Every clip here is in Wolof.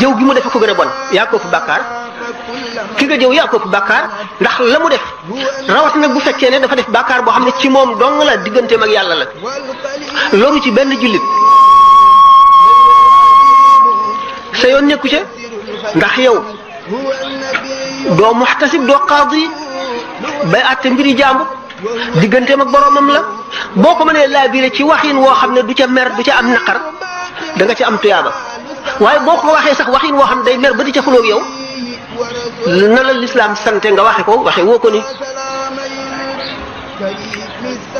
jëw gi mu def ko gën a bon yaa ko fu bàkkaar ki nga jëw yaa bàkkaar ndax la mu def rawat nag bu fekkee ne dafa def bàkkaar boo xam ne ci moom dong la digganteem ak yàlla la loru ci benn jullit sa yoon nekku ca ndax yow doo muxtasib doo qaadi bay àtte mbiri jàmbur diggante ak boroomam la boo ko mënee laa biire ci waxin woo xam ne du ca mer du ca am naqar da nga ca am tuyaaba waaye boo ko waxee sax waxin woo xam day mer ba di ca xulóog yow na la lislaam sante nga waxe ko waxee woo ko ni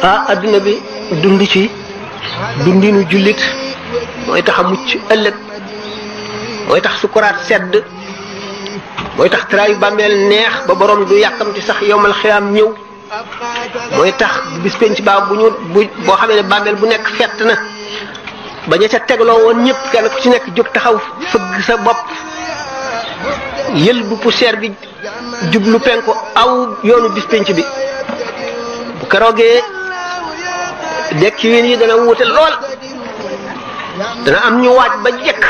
ah adduna bi dund ci dundinu jullit mooy tax a mucc ëllëg mooy tax sukuraat sedd mooy tax trayu bàmmeel neex ba borom du yàkkamti sax yomal xiyaam ñëw mooy tax bis penc baa bu ñu boo xamee ne bàmmeel bu nekk fett na ba ña ca tegloo woon ñëpp kenn ku ci nekk jóg taxaw fëgg sa bopp yël bu poussière bi jublu penku aw yoonu bis penc bi bu keroogee dekki wiin yi dana wuute lool dana am ñu waaj ba jekk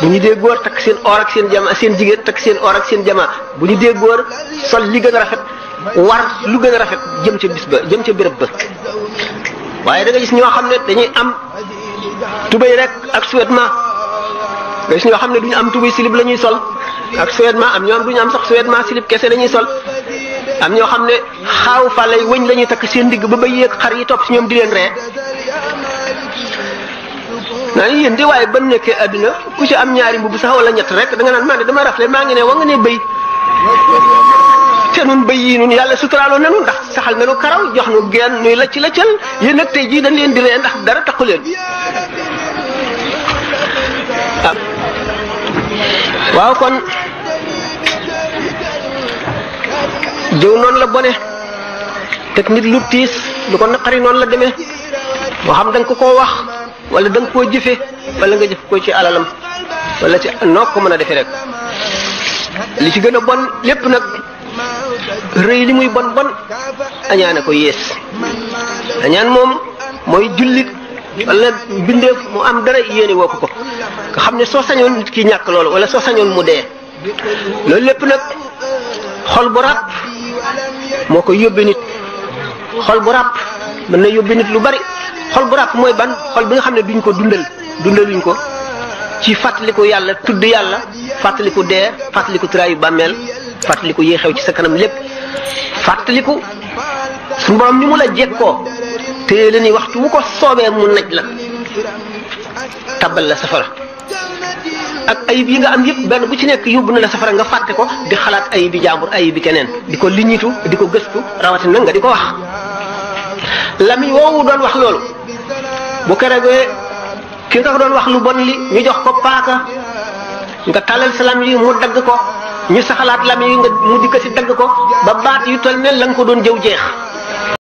bu ñu dee góor takk seen or ak seen jama seen jigéen takk seen or ak seen jama bu ñu dee góor sol li gën a rafet war lu gën a rafet jëm ca bis ba jëm ca béréb ba waaye da gis ñoo xam ne dañuy am tubay rek ak suwetma gis ñoo xamne duñu am tubay silib lañuy sol ak suwetma am ñoom duñu am sax suwetma silib kesse lañuy sol am ñoo xamne xaw fa lay wëñ lañuy tak seen digg ba ba yéeg xar yi top ci ñoom di leen ree na ñi ndi way ban nekk aduna ku ci am ñaari mbubb sax wala ñett rek da nga naan man dama raflé ma ngi ne wa nga ne bay té nun bay yi nun yàlla suturaaloon nanu ndax saxal nanu karaw jox nu nuy lacc laccal yeen ak tay ji dañ leen di ree ndax dara taxu leen waaw kon jëw noonu la bone teg nit lu tiis lu ko naqari noonu la demee moo xam da nga ko koo wax wala da nga koo jëfe walla nga jëf ko ci alalam walla ci noo ko mën a defee rek li ci gën a bon lépp nag rëy li muy bon bon añaane ko yées añaan moom mooy jullit wala bindeef mu am dara yéene wokk ko xam ne soo sañoon nit ki ñàkk loolu wala soo sañoon mu dee loolu lépp nag xol bu ràpp moo ko yóbbi nit xol bu ràpp mën na yóbbi nit lu bari xol bu ràpp mooy ban xol bi nga xam ne duñ ko dundal dundaluñ ko ci fàttaliku yàlla tudd yàlla fàttaliku dee fàttaliku tiraayu bàmmeel fàttaliku yéexew ci sa kanam lépp fàttaliku suñu borom ni mu la jekkoo te la ni waxtu wu ko soobee mu naj la tabal la safara ak ayib yi nga am yëpp benn bu ci nekk yóbbu na la safara nga fàtte ko di xalaat ayib yi jàmbur ayib yi keneen di ko liñitu di ko gëstu rawatina nga di ko wax lami woowu doon wax loolu bu keregee ki nga ko doon wax lu bon li ñu jox ko paaka nga tàllal si lam yi mu dagg ko ñu saxalaat lam yi nga mu dikk si dagg ko ba baat yu toll ne la nga ko doon jëw jeex